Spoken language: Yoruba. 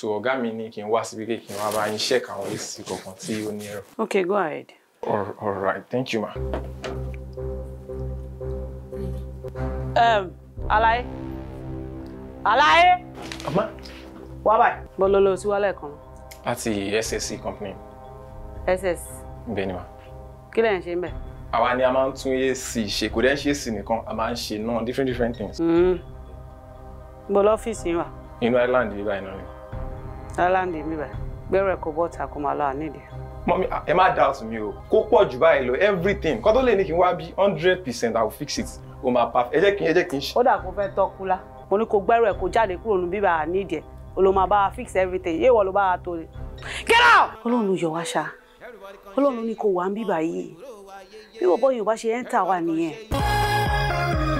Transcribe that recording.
so ọ̀gá mi ní kí n wá síbí kí n wá bá yín ṣẹ́ẹ̀kì àwọn èsì kọ̀ọ̀kan tí ó ní ẹ̀rọ. okay go ahead. all, right thank you ma. Um, alaye alaye. àmọ́. wá báyìí. bọ́lọ́ lọ sí wálẹ̀ kan. láti ssc company. ss. bẹ́ẹ̀ ni ma. kí lẹ́yìn ṣe ń bẹ̀. àwa ni a máa ń tún ac ṣe kò dẹ́ ṣe ac nìkan a máa ń ṣe náà different different things. Hmm. bọ́lọ́ ọ́fíìsì wa. inú island yìí báyìí náà ni lálàndì mi bẹ̀ gbẹ́rọ ẹ̀kọ́ bọ́ọ̀tà kó máa lọ àníìdí. mọ́mí ẹ má doubt mi o kó pọ̀ jù báyìí lọ everything kó tó lè ní kí n wá bí hundred percent i will fix it o máa pa ẹ jẹ́ kí n ẹ jẹ́ kí n ṣe. ó dà kó fẹ́ tọ́kú lá mo ní kó gbẹ́rọ ẹ̀kọ́ jáde kúrò nù o ló máa bá fix everything yéèwọ̀ ló bá wa tó get out. ọlọ́run yọ wá ṣá ọlọ́run ní kó wà ń bíbá yìí bí bọ́bọ́ yorùbá ṣe ẹ́ńtà wà nìyẹn.